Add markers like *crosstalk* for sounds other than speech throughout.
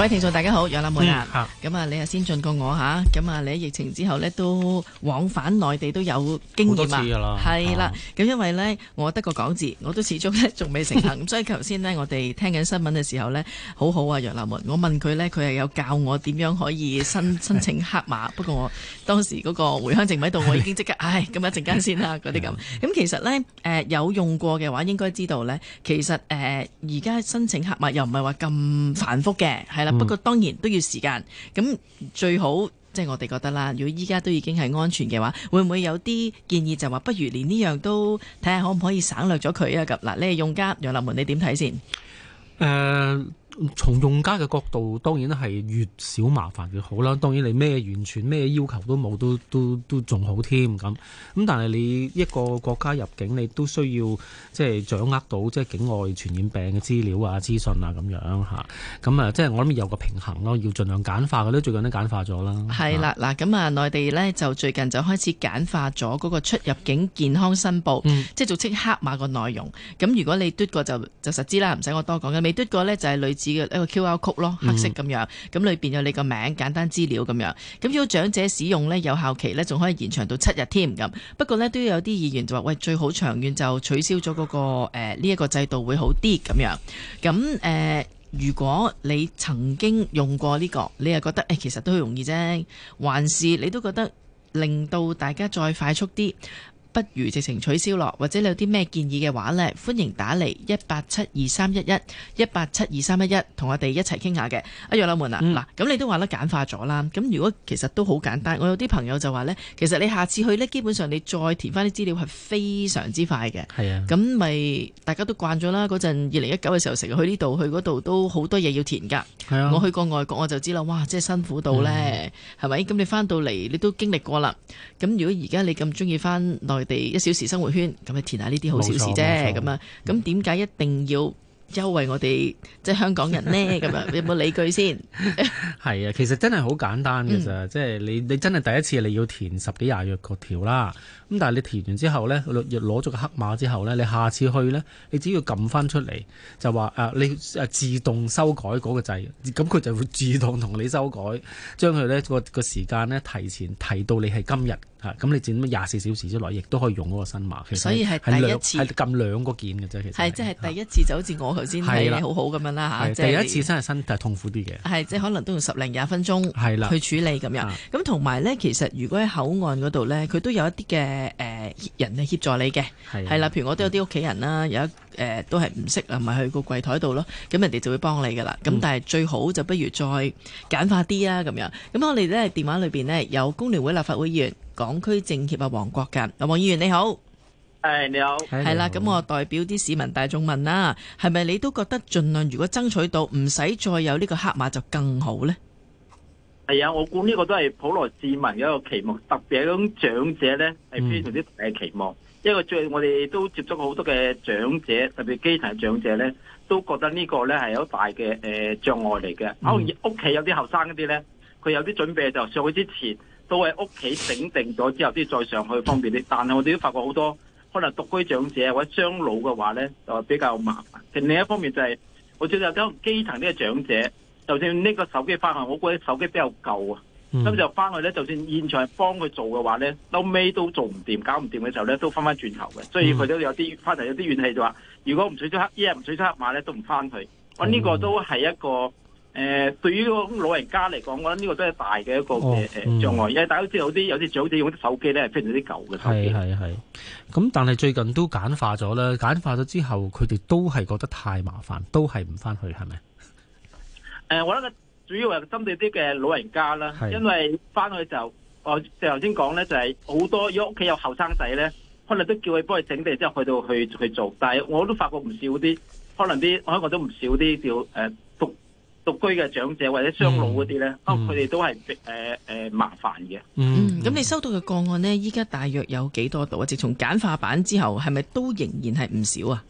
各位聽眾大家好，楊立門、嗯、啊，咁啊你啊先進過我下，咁啊你喺疫情之後呢，都往返內地都有經驗啊，係啦，咁因為呢，我得個講字，我都始終呢，仲未成行， *laughs* 所以頭先呢，我哋聽緊新聞嘅時候呢，好好啊，楊立門，我問佢呢，佢係有教我點樣可以申申請黑碼， *laughs* 不過我當時嗰個回鄉證喺度，我已經即刻唉，咁、 *laughs* 哎、一陣間先啦嗰啲咁，咁其實呢，呃、有用過嘅話，應該知道呢，其實誒而家申請黑碼又唔係話咁繁複嘅，係啦。嗯、不過當然都要時間，咁最好即係我哋覺得啦。如果依家都已經係安全嘅話，會唔會有啲建議就話，不如連呢樣都睇下可唔可以省略咗佢啊？咁嗱，你用家楊立門，你點睇先？誒、呃。從用家嘅角度，當然係越少麻煩越好啦。當然你咩完全咩要求都冇，都都都仲好添咁。咁但係你一個國家入境，你都需要即係掌握到即係境外傳染病嘅資料啊、資訊啊咁樣吓。咁啊，即係我諗有個平衡咯，要盡量簡化，嗰啲最近都簡化咗啦。係啦，嗱咁啊，內地呢，就最近就開始簡化咗嗰個出入境健康申報，嗯、即係俗稱黑碼個內容。咁如果你嘟過就就實知啦，唔使我多講嘅。未嘟過呢，就係類。一個 QR Code 咯，黑色咁樣，咁裏邊有你個名，簡單資料咁樣，咁如果長者使用呢，有效期呢，仲可以延長到七日添咁。不過呢，都有啲議員就話：喂，最好長遠就取消咗嗰、嗰個呢一、呃呢個制度會好啲咁樣。咁誒、呃，如果你曾經用過呢、呢個，你又覺得誒、欸、其實都好容易啫，還是你都覺得令到大家再快速啲？不如直情取消咯，或者你有啲咩建議嘅話呢？歡迎打嚟一八七二三一一一八七二三一一，同我哋一齊傾下嘅。阿楊老門啊，嗱、嗯，咁你都話得簡化咗啦。咁如果其實都好簡單，我有啲朋友就話呢，其實你下次去呢，基本上你再填翻啲資料係非常之快嘅。係啊，咁咪大家都慣咗啦。嗰陣二零一九嘅時候成日去呢度去嗰度都好多嘢要填噶，啊。我去過外國我就知啦，哇，真係辛苦，嗯，到呢，係咪？咁你翻到嚟你都經歷過啦。咁如果而家你咁中意翻內。佢哋一小時生活圈，咁咪填下呢啲好小事啫。咁啊，咁點解一定要？優惠我哋即係香港人呢咁 *laughs* 樣，有冇理據先？係 *laughs* 啊，其實真係好簡單嘅咋，嗯，即係你你真係第一次，你要填十幾廿個條啦。咁但係你填完之後咧，攞咗個黑碼之後咧，你下次去咧，你只要撳翻出嚟，就話，啊、你自動修改嗰個掣。咁佢就會自動同你修改，將佢咧個個時間咧提前提到你係今日吓，咁你剪咗廿四小時之內亦都可以用嗰個新碼。所以係第一次，係撳兩個鍵嘅啫，其實係即係第一次就好似我。頭先你好好咁樣啦，第一次身係新就痛苦啲嘅，係即係可能都用十零廿分鐘去處理咁樣。咁同埋咧，其實如果喺口岸嗰度咧，佢都有一啲嘅人嚟協助你嘅。係啦，譬如我都有啲屋企人啦、嗯，有一誒、呃、都係唔識，同咪去個櫃台度咯，咁人哋就會幫你噶啦。咁、嗯、但係最好就不如再簡化啲啊咁樣。咁我哋咧電話裏面呢，有工聯會立法會議員、港區政協啊黃國㗎，阿黃議員你好。係、hey，你好，係啦，咁我代表啲市民大眾問啦，係咪你都覺得盡量如果爭取到唔使再有呢個黑碼就更好咧？係啊，我估呢個都係普羅市民嘅一個期望，特別係嗰種長者咧係非常之大嘅期望，嗯、因為最我哋都接觸好多嘅長者，特別基層長者咧都覺得呢個咧係有大嘅誒障礙嚟嘅。可能屋企有啲後生嗰啲咧，佢有啲準備就上去之前都喺屋企整定咗之後，啲再上去方便啲。但係我哋都發覺好多。可能獨居長者或者張老嘅話咧，就比較麻煩。另一方面就係、是、我最近都基層呢個長者，就算呢個手機翻去，我覺得手機比較舊啊。咁、嗯、就翻去咧，就算現場是幫佢做嘅話咧，嬲尾都做唔掂，搞唔掂嘅時候咧，都翻翻轉頭嘅。所以佢都有啲翻嚟有啲怨氣就說，就話如果唔取出黑，一日唔取出黑碼咧，都唔翻去。我呢個都係一個。誒、呃，對於老人家嚟講，我得呢個都係大嘅一個誒誒障礙。因、哦、為、嗯、大家都知道有啲有啲長者用啲手機咧，係非常之舊嘅係係係。咁但係最近都簡化咗啦，簡化咗之後，佢哋都係覺得太麻煩，都係唔翻去，係咪？誒、呃，我得主要係針對啲嘅老人家啦，因為翻去就，我就頭先講咧，就係、是、好多如果屋企有後生仔咧，可能都叫佢幫佢整地之後去到去去做。但係我都發覺唔少啲，可能啲我睇過都唔少啲叫誒。呃獨居嘅長者或者雙老嗰啲咧，包括佢哋都係誒誒麻煩嘅。嗯，咁、呃呃嗯、你收到嘅個案咧，依家大約有幾多度？自從簡化版之後，係咪都仍然係唔少啊？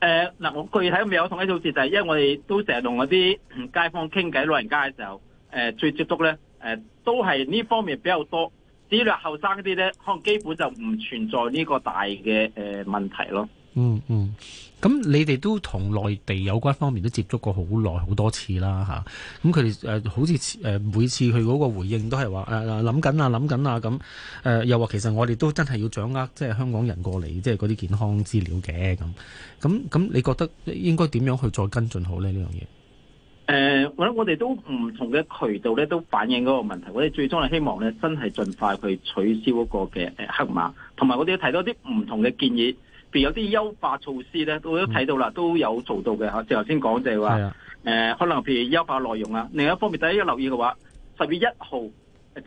誒、呃，嗱，我具體未有統計數字，但係因為我哋都成日同嗰啲街坊傾偈，老人家嘅時候，誒、呃、最接觸咧，誒、呃、都係呢方面比較多。至於話後生啲咧，可能基本就唔存在呢個大嘅誒、呃、問題咯。嗯嗯，咁、嗯、你哋都同內地有關方面都接觸過好耐好多次啦吓，咁佢哋誒好似誒、呃、每次佢嗰個回應都係話誒諗緊啊諗緊啊咁，誒、呃、又話其實我哋都真係要掌握即係香港人過嚟即係嗰啲健康資料嘅咁，咁咁你覺得應該點樣去再跟進好呢？呢樣嘢？誒，我我哋都唔同嘅渠道咧都反映嗰個問題，我哋最終係希望咧真係盡快去取消嗰個嘅誒黑碼同埋我哋要提多啲唔同嘅建議。譬如有啲優化措施咧，我都睇到啦，都有做到嘅嚇。就頭先講就係話，可能譬如優化內容啊。另一方面，大家要留意嘅話，十月一號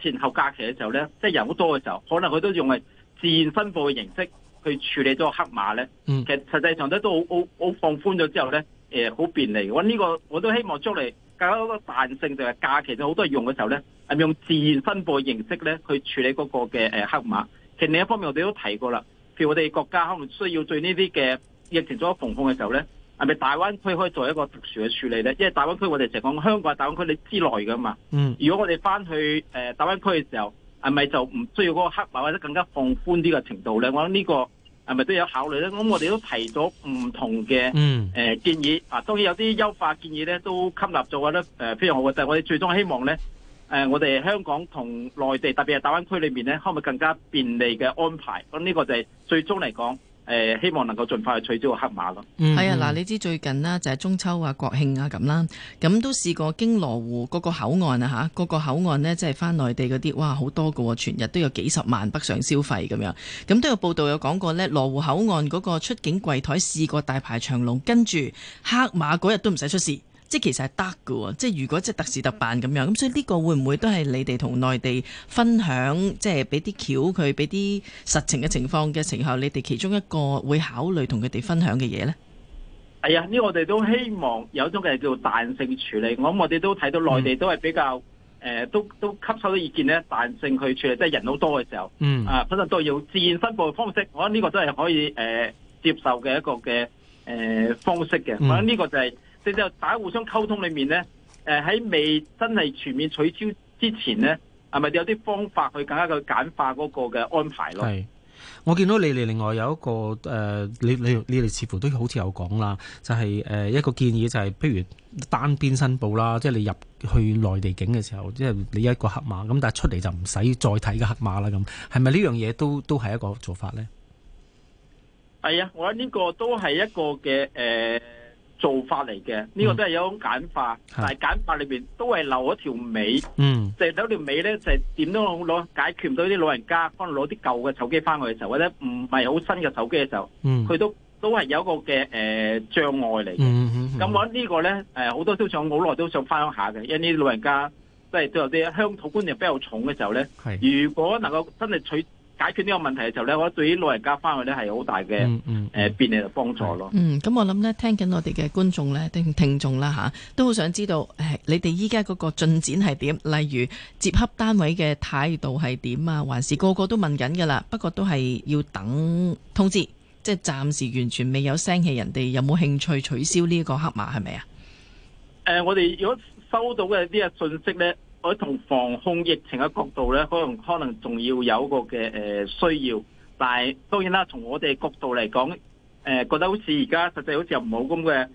前後假期嘅時候咧，即、就、係、是、人好多嘅時候，可能佢都用係自然分佈嘅形式去處理咗個黑碼咧、嗯。其實實際上咧都好好好放寬咗之後咧，好、呃、便利。我呢、這個我都希望出嚟，大家嗰個彈性就係、是、假期，就好多人用嘅時候咧，係用自然分佈嘅形式咧去處理嗰個嘅黑碼。其實另一方面我，我哋都提過啦。譬如我哋國家可能需要對呢啲嘅疫情做咗防控嘅時候咧，係咪大灣區可以做一個特殊嘅處理咧？因為大灣區我哋成日講香港大灣區你之內嘅嘛，嗯，如果我哋翻去誒大灣區嘅時候，係咪就唔需要嗰個黑碼或者更加放寬啲嘅程度咧？我諗呢個係咪都有考慮咧？咁我哋都提咗唔同嘅誒建議，嗯、啊當然有啲優化建議咧都吸納咗覺得，誒非常好嘅，但係我哋最終希望咧。誒、呃，我哋香港同內地，特別係大灣區裏面呢，可唔可以更加便利嘅安排？咁、這、呢個就係最終嚟講、呃，希望能夠盡快去取消個黑碼咯。係、嗯、啊，嗱，你知最近啦，就係中秋啊、國慶啊咁啦，咁都試過經羅湖嗰個口岸啊吓，個、那個口岸呢，即係返內地嗰啲，哇，好多個喎，全日都有幾十萬北上消費咁樣，咁都有報道有講過呢，羅湖口岸嗰個出境櫃台試過大排長龍，跟住黑碼嗰日都唔使出事。即係其實係得嘅喎，即係如果即係特事特辦咁樣，咁所以呢個會唔會都係你哋同內地分享，即係俾啲橋佢，俾啲實情嘅情況嘅時候，你哋其中一個會考慮同佢哋分享嘅嘢咧？係、哎、啊，呢、這個、我哋都希望有一種嘅叫做彈性處理。我諗我哋都睇到內地都係比較誒、嗯呃，都都吸收啲意見咧，彈性去處理，即係人好多嘅時候，嗯、啊，可能都要自然分佈嘅方式。我諗呢個都係可以誒、呃、接受嘅一個嘅誒、呃、方式嘅。我諗呢個就係、是。嗯呃大家互相溝通裏面呢，誒喺未真係全面取消之前呢，係咪有啲方法去更加去簡化嗰個嘅安排咯？係，我見到你哋另外有一個誒、呃，你你你哋似乎都好似有講啦，就係、是、誒、呃、一個建議就係、是，譬如單邊申報啦，即係你入去內地境嘅時候，即、就、係、是、你一個黑碼咁，但係出嚟就唔使再睇個黑碼啦咁，係咪呢樣嘢都都係一個做法呢？係啊，我覺得呢個都係一個嘅誒、呃做法嚟嘅，呢、呢個都係一種簡化，嗯，但係簡化裏邊都係留一條尾，嗯，就係、留條尾咧，就點、是、都好攞，解決唔到啲老人家可能攞啲舊嘅手機翻去嘅時候或者唔係好新嘅手機嘅時候，佢、嗯、都都係有一個嘅誒、呃、障礙嚟嘅。咁、嗯、我、嗯嗯、呢個咧，誒、好、呃、多都想好耐都想翻鄉下嘅，因為啲老人家即係都有啲鄉土觀念比較重嘅時候咧。如果能夠真係取解決呢個問題嘅時候呢，我覺得對於老人家翻去呢係好大嘅誒便利嘅幫助咯、嗯。嗯，咁、嗯嗯嗯、我諗呢，聽緊我哋嘅觀眾呢，聽聽眾啦吓，都好想知道誒、哎，你哋依家嗰個進展係點？例如接洽單位嘅態度係點啊？還是個個都問緊噶啦？不過都係要等通知，即係暫時完全未有聲氣，人哋有冇興趣取消呢個黑碼係咪啊？誒、呃，我哋如果收到嘅啲啊信息呢。同防控疫情嘅角度咧，可能可能仲要有個嘅誒需要，但係當然啦，從我哋角度嚟講，誒、呃、覺得好似而家實際好似又冇咁嘅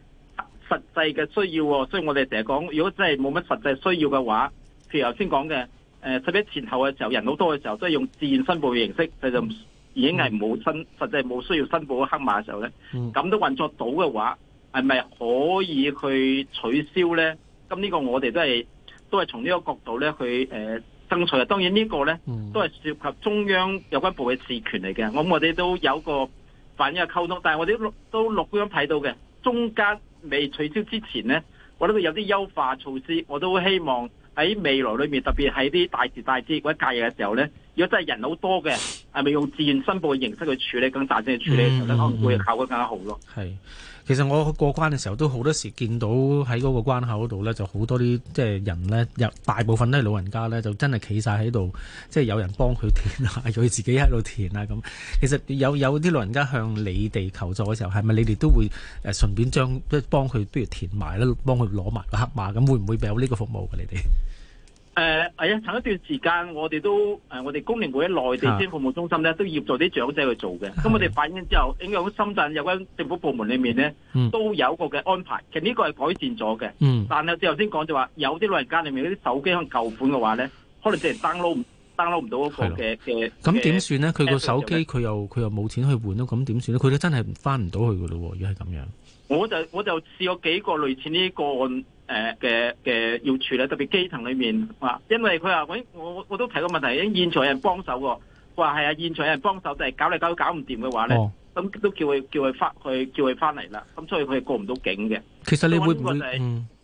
實際嘅需要、哦、所以我哋成日講，如果真係冇乜實際需要嘅話，譬如頭先講嘅，誒、呃、特別前後嘅時候人好多嘅時候，都係用自然申報嘅形式，就就已經係冇申、mm. 實際冇需要申報嘅黑碼嘅時候咧，咁、mm. 都運作到嘅話，係咪可以去取消咧？咁呢個我哋都係。都係從呢個角度咧去誒爭取啊！當然這個呢個咧都係涉及中央有關部嘅事權嚟嘅，我我哋都有個反映嘅溝通，但係我哋都都六公公睇到嘅，中間未取消之前咧，我覺得有啲優化措施，我都希望喺未來裏面，特別喺啲大時大節或者假日嘅時候咧，如果真係人好多嘅。係咪用自願申報嘅形式去處理，咁大隻嘅處理嘅時候咧、嗯，可能會效果更加好咯。係，其實我過關嘅時候，都好多時見到喺嗰個關口度咧，就好多啲即係人咧，有大部分都係老人家咧，就真係企晒喺度，即、就、係、是、有人幫佢填啊，佢 *laughs* 自己喺度填啊咁。其實有有啲老人家向你哋求助嘅時候，係咪你哋都會誒順便將即係幫佢不如填埋咧，幫佢攞埋個黑碼咁，會唔會有呢個服務嘅、啊、你哋？誒、呃，係啊！前一段時間我哋都誒、呃，我哋工聯會喺內地啲服務中心咧，都要做啲長者去做嘅。咁、啊、我哋反映之後，應該喺深圳有關政府部門裏面咧、嗯，都有個嘅安排。其實呢個係改善咗嘅。嗯。但係頭先講就話，有啲老人家裏面嗰啲手機可能舊款嘅話咧，可能即係 download download 唔到嗰個嘅嘅。咁點算咧？佢個手機佢又佢又冇錢去換咯？咁點算咧？佢都真係翻唔到去噶咯？如果係咁樣，我就我就試過幾個類似呢、這個案。誒嘅嘅要處理特別基層裏面話，因為佢話揾我，我都提過問題，應現場有人幫手喎。佢話係啊，現場有人幫手，但係搞嚟搞去搞唔掂嘅話咧，咁、哦、都叫佢叫佢翻去，叫佢翻嚟啦。咁所以佢係過唔到境嘅。其實你會唔會？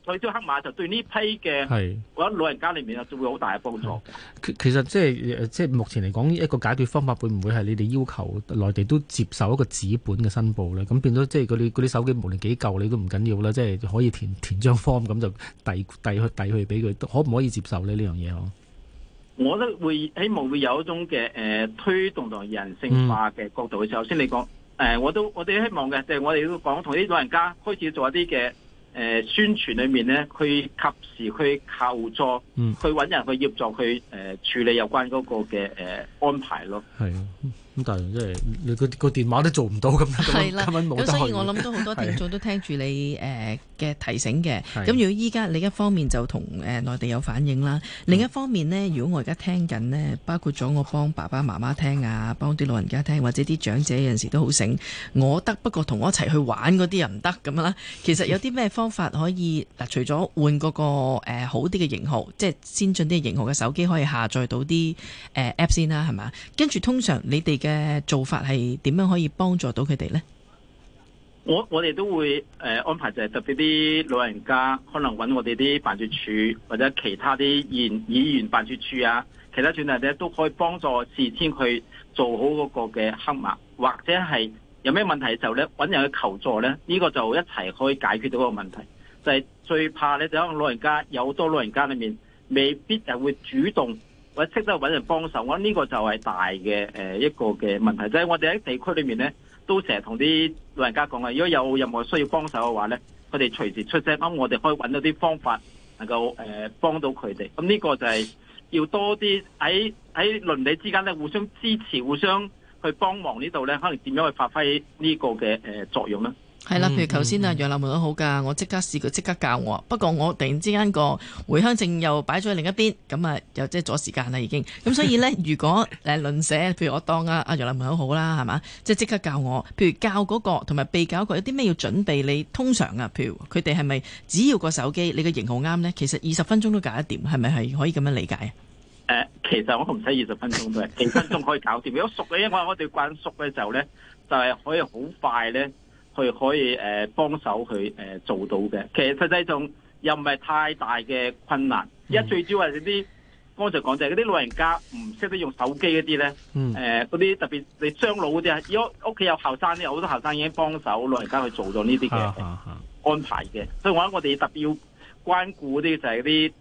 佢呢黑馬就對呢批嘅我覺得老人家裏面啊，就會好大嘅幫助。其其實即係即係目前嚟講，一個解決方法會唔會係你哋要求內地都接受一個紙本嘅申報咧？咁變咗即係嗰啲啲手機無論幾舊你都唔緊要啦，即係可以填填張 form 咁就遞遞去遞去俾佢，可唔可以接受咧呢樣嘢？我覺得會希望會有一種嘅誒、呃、推動同人性化嘅角度嘅、嗯。首先你講誒、呃，我都我哋希望嘅，即係我哋都講同啲老人家開始做一啲嘅。誒、呃、宣傳裏面咧，佢及時去求助，去揾人去協助去誒、呃、處理有關嗰個嘅、呃、安排咯。係。咁但係即係你個個電話都做唔到咁啦。今晚冇得開。咁所以我諗到好多聽眾都聽住你誒嘅提醒嘅。咁如果依家你一方面就同誒內地有反應啦，另一方面呢，如果我而家聽緊呢，包括咗我幫爸爸媽媽聽啊，幫啲老人家聽或者啲長者有陣時都好醒，我得不過同我一齊去玩嗰啲又唔得咁啦。其實有啲咩方法可以嗱？ *laughs* 除咗換嗰個誒好啲嘅型號，即係先進啲型號嘅手機可以下載到啲誒、呃、app 先啦，係咪？跟住通常你哋嘅做法係點樣可以幫助到佢哋咧？我我哋都會誒、呃、安排，就是，就係特別啲老人家，可能揾我哋啲辦事處或者其他啲議、議員辦事處啊，其他轉那者都可以幫助事先去做好嗰個嘅黑碼或者係有咩問題嘅時候咧，揾人去求助咧，呢、這個就一齊可以解決到嗰個問題。就係、是、最怕咧，就可能老人家有好多老人家裏面未必就會主動。我諗識得揾人幫手，我諗呢個就係大嘅誒一個嘅問題，即係我哋喺地區裏面咧，都成日同啲老人家講呀，如果有任何需要幫手嘅話咧，佢哋隨時出聲，咁我哋可以揾到啲方法能夠誒幫到佢哋。咁呢個就係要多啲喺喺鄰里之間咧互相支持、互相去幫忙呢度咧，可能點樣去發揮呢個嘅誒作用咧？係啦，譬如頭先啊，楊立文都好噶，我即刻試過，即刻教我。不過我突然之間個回鄉證又擺咗喺另一邊，咁啊又即係阻時間啦已經。咁所以咧，如果誒輪寫，譬如我當啊阿楊立文好好啦，係嘛？即係即刻教我。譬如教嗰個同埋被教個有啲咩要準備？你通常啊，譬如佢哋係咪只要個手機，你嘅型號啱咧，其實二十分鐘都搞得掂，係咪係可以咁樣理解啊？誒，其實我唔使二十分鐘嘅，幾分鐘可以搞掂。如果熟嘅，因為我哋慣熟嘅時候咧，就係可以好快咧。佢可以誒、呃、幫手去誒、呃、做到嘅，其實實際上又唔係太大嘅困難。而家、嗯、最主要係啲，剛才講就係啲老人家唔識得用手機嗰啲咧，誒嗰啲特別你雙老嗰啲啊，如果屋企有後生咧，好多後生已經幫手老人家去做咗呢啲嘅安排嘅、啊啊啊。所以我覺得我哋特別要關顧嗰啲就係啲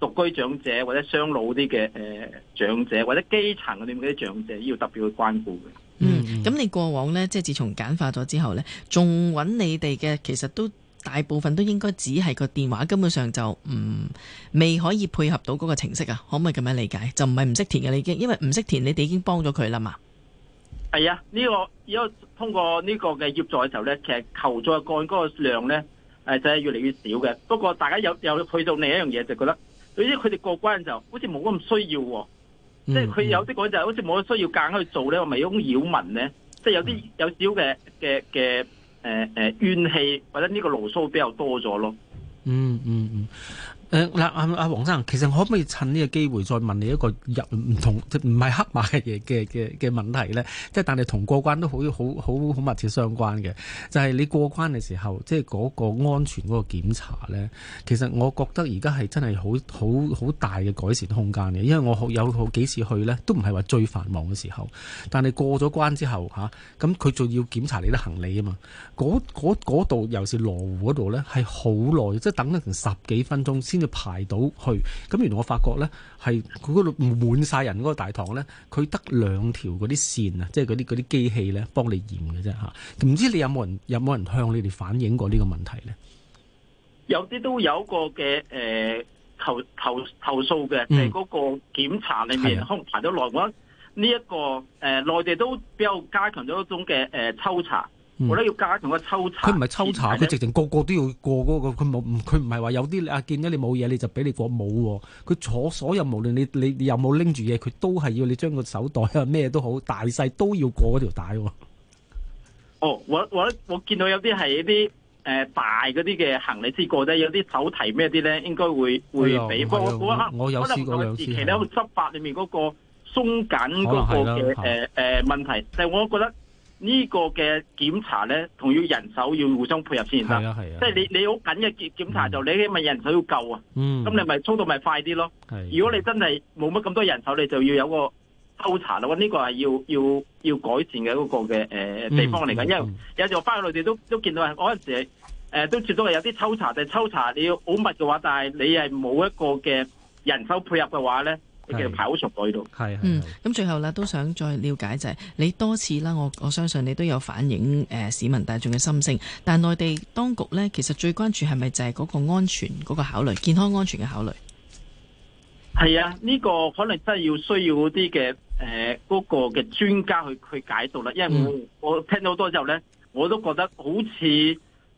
獨居長者或者雙老啲嘅誒長者，或者基層嗰啲長者要特別去關顧嘅。嗯，咁你過往呢，即係自從簡化咗之後呢，仲揾你哋嘅，其實都大部分都應該只係個電話，根本上就唔、嗯、未可以配合到嗰個程式啊？可唔可以咁樣理解？就唔係唔識填嘅，你已經因為唔識填，你哋已經幫咗佢啦嘛。係、哎、啊，呢、這個而家通過呢個嘅協助嘅時候呢，其實求助嘅個量呢，呃、就係、是、越嚟越少嘅。不過大家有有去到另一樣嘢，就覺得，對於佢哋過關嘅時候，好似冇咁需要喎、啊。嗯嗯嗯，即係佢有啲嗰陣，好似冇需要硬去做咧，我咪一種擾民咧。即係有啲有少嘅嘅嘅誒誒怨氣，或者呢、嗯呃呃、個牢騷比較多咗咯。嗯嗯嗯。嗯誒、呃、嗱，阿阿黃生，其實可唔可以趁呢個機會再問你一個入唔同，即係唔係黑碼嘅嘢嘅嘅嘅問題咧？即、就、係、是、但係同過關都好好好好密切相關嘅，就係、是、你過關嘅時候，即係嗰個安全嗰個檢查咧，其實我覺得而家係真係好好好大嘅改善空間嘅，因為我有好幾次去咧，都唔係話最繁忙嘅時候，但係過咗關之後嚇，咁佢仲要檢查你啲行李啊嘛，嗰嗰嗰度又是羅湖嗰度咧，係好耐，即、就、係、是、等咗成十幾分鐘先。排到去，咁原來我發覺咧，係佢嗰度滿晒人嗰個大堂咧，佢得兩條嗰啲線是那些那些啊，即係嗰啲啲機器咧幫你驗嘅啫吓，唔知你有冇人有冇人向你哋反映過呢個問題咧？有啲都有個嘅，誒、呃、投投投訴嘅，係、就、嗰、是、個檢查裏面，可、嗯、能排到耐，我覺得呢一個，誒、呃、內地都比較加強咗一種嘅，誒、呃、抽查。我都要加強個抽查，佢唔係抽查，佢直情個個都要過嗰個，佢冇，佢唔係話有啲啊，見咗你冇嘢，你就俾你過冇。佢坐所有，無論你你你有冇拎住嘢，佢都係要你將個手袋啊咩都好，大細都要過嗰條帶。哦，我我我，我見到有啲係一啲誒、呃、大嗰啲嘅行李先過啫，有啲手提咩啲咧，應該會會俾。我我有試過兩次。期間咧，執法裏面嗰個鬆緊嗰個嘅誒誒問題，但係我覺得。呢個嘅檢查咧，同要人手要互相配合先得。係啊，啊，啊即係你你好緊嘅檢檢查就你起碼人手要夠啊。嗯。咁你咪速度咪快啲咯。係、啊。如果你真係冇乜咁多人手，你就要有個抽查咯。呢個係要要要改善嘅一個嘅誒地方嚟緊，嗯嗯嗯。因為有時候翻去內地都都見到係嗰陣時誒、呃、都最多係有啲抽查，但係抽查你要好密嘅話，但係你係冇一個嘅人手配合嘅話咧。嘅實跑熟度都係嗯咁，最後啦，都想再了解就係、是、你多次啦，我我相信你都有反映誒、呃、市民大眾嘅心聲。但係內地當局咧，其實最關注係咪就係嗰個安全嗰、嗰個考慮、健康安全嘅考慮？係啊，呢、呢個可能真係要需要嗰啲嘅誒嗰個嘅專家去去解讀啦。因為我、嗯、我聽到多之後咧，我都覺得好似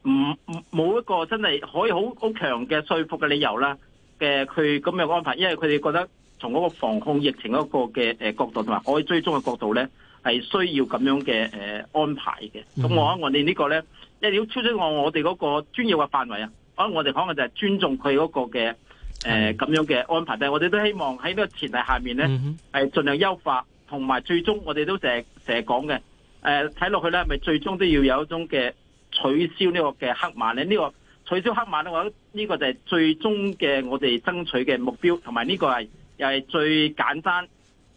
唔冇一個真係可以好好強嘅說服嘅理由啦。嘅佢咁樣安排，因為佢哋覺得。從嗰個防控疫情嗰個嘅誒角度同埋可以我追蹤嘅角度咧，係需要咁樣嘅誒安排嘅。咁我我哋呢個咧，一要超出我我哋嗰個專業嘅範圍啊，我我哋可能就係尊重佢嗰個嘅誒咁樣嘅安排。但係我哋都希望喺呢個前提下面咧，係、mm-hmm、盡量優化，同埋最終我哋都成成日講嘅誒，睇落去咧，咪最終都要有一種嘅取消這個黑呢個嘅黑碼咧。呢、這個取消黑碼咧，我覺得呢個就係最終嘅我哋爭取嘅目標，同埋呢個係。又係最簡單，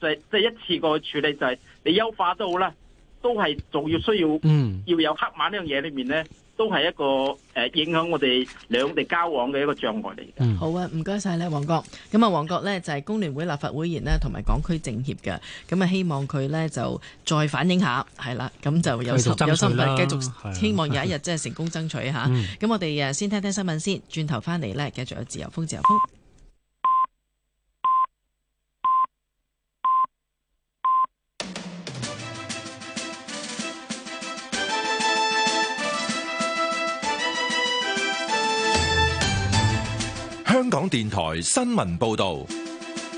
就即係一次過處理，就係你優化都好啦，都係仲要需要要有黑碼呢樣嘢裏面咧，都係一個誒影響我哋兩地交往嘅一個障礙嚟嘅。好啊，唔該曬咧，黃國咁啊，黃國咧就係工聯會立法會議員啦，同埋港區政協嘅，咁啊希望佢咧就再反映下，係啦，咁就有有心繼續，希望有一日即係成功爭取嚇。咁我哋誒先聽聽新聞先，轉頭翻嚟咧繼續有自由風，自由風。香港電台新聞報道。